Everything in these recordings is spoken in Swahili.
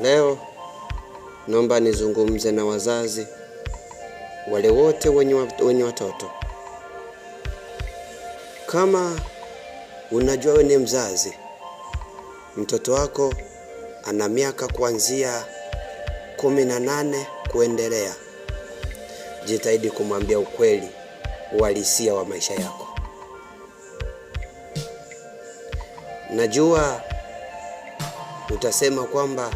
Leo naomba nizungumze na wazazi wale wote wenye watoto. Kama unajua wewe ni mzazi, mtoto wako ana miaka kuanzia kumi na nane kuendelea, jitahidi kumwambia ukweli, uhalisia wa maisha yako. Najua utasema kwamba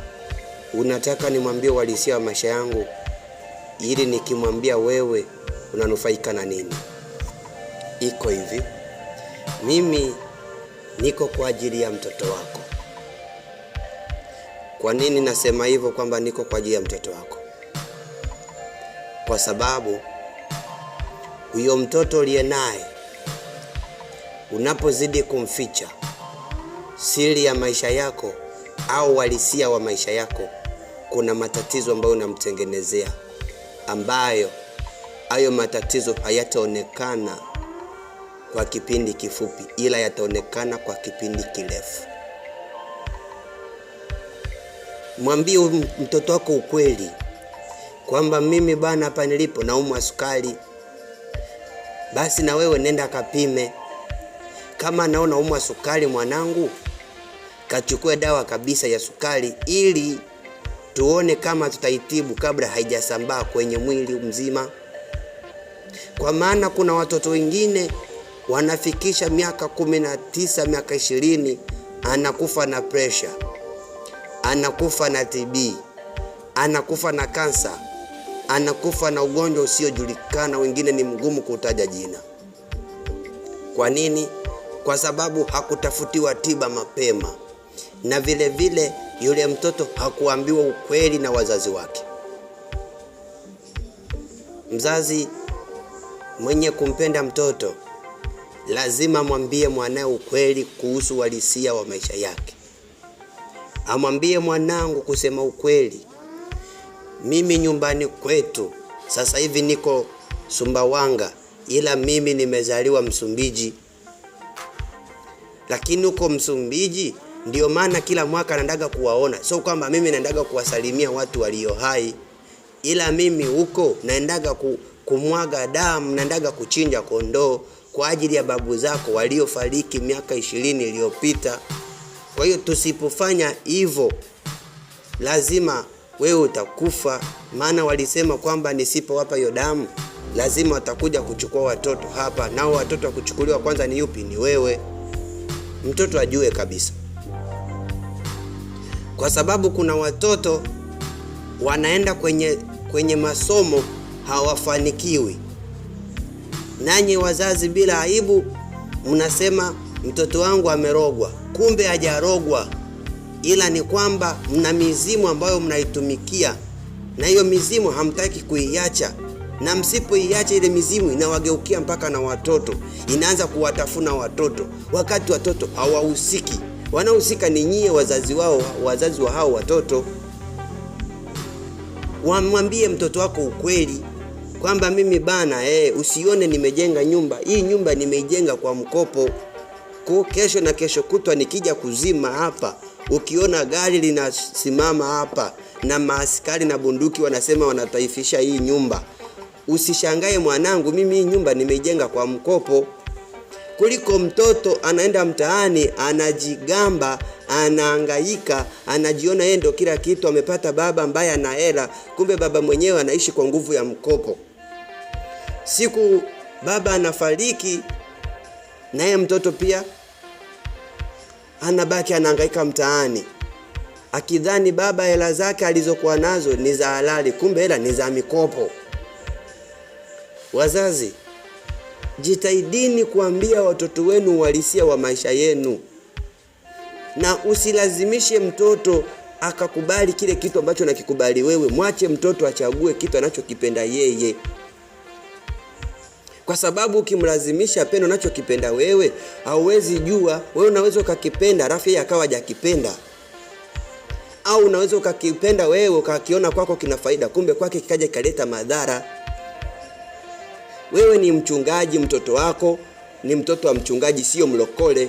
Unataka nimwambie uhalisia wa maisha yangu ili nikimwambia wewe unanufaika na nini? Iko hivi, mimi niko kwa ajili ya mtoto wako. Kwa nini nasema hivyo kwamba niko kwa ajili ya mtoto wako? Kwa sababu huyo mtoto uliye naye unapozidi kumficha siri ya maisha yako au uhalisia wa maisha yako kuna matatizo ambayo unamtengenezea, ambayo hayo matatizo hayataonekana kwa kipindi kifupi, ila yataonekana kwa kipindi kirefu. Mwambie mtoto wako ukweli kwamba mimi bana, hapa nilipo naumwa sukari. Basi na wewe nenda kapime, kama naona umwa sukari mwanangu, kachukue dawa kabisa ya sukari ili tuone kama tutaitibu kabla haijasambaa kwenye mwili mzima, kwa maana kuna watoto wengine wanafikisha miaka kumi na tisa, miaka ishirini, anakufa na presha, anakufa na TB, anakufa na kansa, anakufa na ugonjwa usiojulikana, wengine ni mgumu kutaja jina. Kwa nini? Kwa sababu hakutafutiwa tiba mapema na vilevile vile, yule mtoto hakuambiwa ukweli na wazazi wake. Mzazi mwenye kumpenda mtoto lazima amwambie mwanae ukweli kuhusu uhalisia wa maisha yake. Amwambie mwanangu, kusema ukweli, mimi nyumbani kwetu sasa hivi niko Sumbawanga, ila mimi nimezaliwa Msumbiji, lakini huko Msumbiji ndio maana kila mwaka nandaga kuwaona, sio kwamba mimi naendaga kuwasalimia watu walio hai, ila mimi huko naendaga ku, kumwaga damu, naendaga kuchinja kondoo kwa ajili ya babu zako waliofariki miaka ishirini iliyopita. Kwa hiyo tusipofanya hivyo, lazima wewe utakufa, maana walisema kwamba nisipowapa hiyo damu lazima watakuja kuchukua watoto hapa, nao watoto wa kuchukuliwa kwanza ni yupi? Ni wewe. Mtoto ajue kabisa kwa sababu kuna watoto wanaenda kwenye, kwenye masomo hawafanikiwi. Nanyi wazazi, bila aibu, mnasema mtoto wangu amerogwa, kumbe hajarogwa, ila ni kwamba mna mizimu ambayo mnaitumikia, na hiyo mizimu hamtaki kuiacha, na msipoiacha ile mizimu inawageukia mpaka na watoto, inaanza kuwatafuna watoto, wakati watoto hawahusiki wanaohusika ni nyie wazazi wao, wazazi wa hao watoto. Wamwambie mtoto wako ukweli kwamba mimi bana, eh, usione nimejenga nyumba hii, nyumba nimeijenga kwa mkopo ko kesho na kesho kutwa nikija kuzima hapa, ukiona gari linasimama hapa na maaskari na bunduki wanasema wanataifisha hii nyumba, usishangae mwanangu, mimi hii nyumba nimeijenga kwa mkopo kuliko mtoto anaenda mtaani anajigamba anaangaika anajiona yeye ndo kila kitu amepata baba ambaye ana hela kumbe baba mwenyewe anaishi kwa nguvu ya mkopo siku baba anafariki naye mtoto pia anabaki anaangaika mtaani akidhani baba hela zake alizokuwa nazo ni za halali kumbe hela ni za mikopo wazazi Jitahidini kuambia watoto wenu uhalisia wa maisha yenu, na usilazimishe mtoto akakubali kile kitu ambacho nakikubali wewe. Mwache mtoto achague kitu anachokipenda yeye, kwa sababu ukimlazimisha apende unachokipenda wewe, hauwezi jua. Wewe unaweza ukakipenda rafu yeye akawa hajakipenda, au unaweza ukakipenda wewe ukakiona kwako kina faida, kumbe kwake kikaja kikaleta madhara. Wewe ni mchungaji, mtoto wako ni mtoto wa mchungaji, sio mlokole.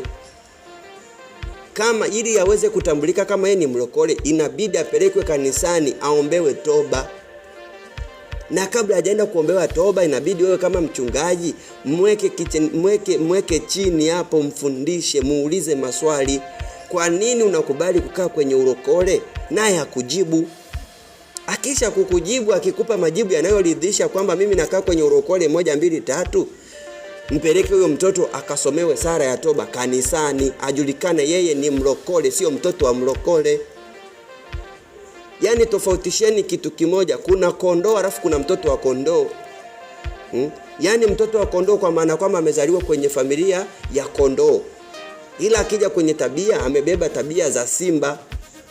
Kama ili aweze kutambulika kama yeye ni mlokole, inabidi apelekwe kanisani aombewe toba, na kabla hajaenda kuombewa toba, inabidi wewe kama mchungaji mweke, kichen, mweke, mweke chini hapo, mfundishe, muulize maswali. Kwa nini unakubali kukaa kwenye ulokole? Naye hakujibu. Akisha kukujibu akikupa majibu yanayoridhisha kwamba mimi nakaa kwenye urokole moja mbili tatu, mpeleke huyo mtoto akasomewe sara ya toba kanisani, ajulikane yeye ni mrokole, sio mtoto wa mrokole. Yaani tofautisheni kitu kimoja, kuna kondoo alafu kuna mtoto wa kondoo hmm? Yaani mtoto wa kondoo kwa maana kwamba amezaliwa kwenye familia ya kondoo, ila akija kwenye tabia amebeba tabia za simba.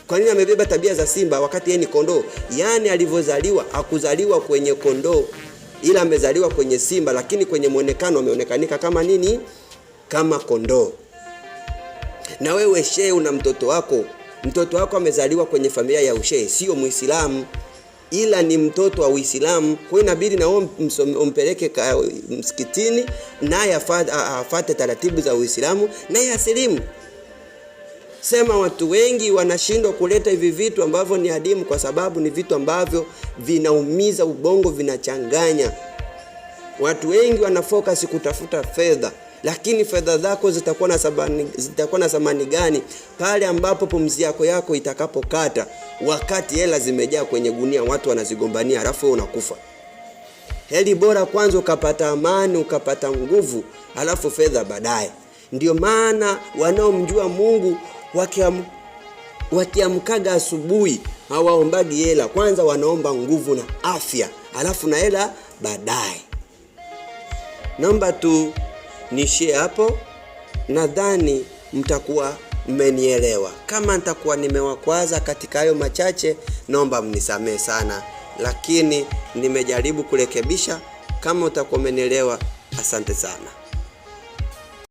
Kwa nini amebeba tabia za simba wakati yeye ni kondoo? Yaani alivyozaliwa akuzaliwa kwenye kondoo, ila amezaliwa kwenye simba, lakini kwenye mwonekano ameonekanika kama nini? Kama kondoo. Na wewe shehe, una mtoto wako, mtoto wako amezaliwa kwenye familia ya ushehe, sio Muislamu ila ni mtoto wa Uislamu. Kwa inabidi na umpeleke msikitini, naye afate taratibu za Uislamu, naye asilimu sema watu wengi wanashindwa kuleta hivi vitu ambavyo ni adimu, kwa sababu ni vitu ambavyo vinaumiza ubongo, vinachanganya. Watu wengi wana focus kutafuta fedha, lakini fedha zako zitakuwa na thamani, zitakuwa na thamani gani pale ambapo pumzi yako yako itakapokata, wakati hela zimejaa kwenye gunia, watu wanazigombania, alafu wewe unakufa. Heli bora kwanza ukapata amani, ukapata nguvu, alafu fedha baadaye. Ndio maana wanaomjua Mungu wakiam, wakiamkaga asubuhi hawaombagi hela kwanza, wanaomba nguvu na afya, alafu na hela baadaye. Naomba tu nishie hapo, nadhani mtakuwa mmenielewa. Kama nitakuwa nimewakwaza katika hayo machache, naomba mnisamehe sana, lakini nimejaribu kurekebisha. Kama utakuwa umenielewa, asante sana.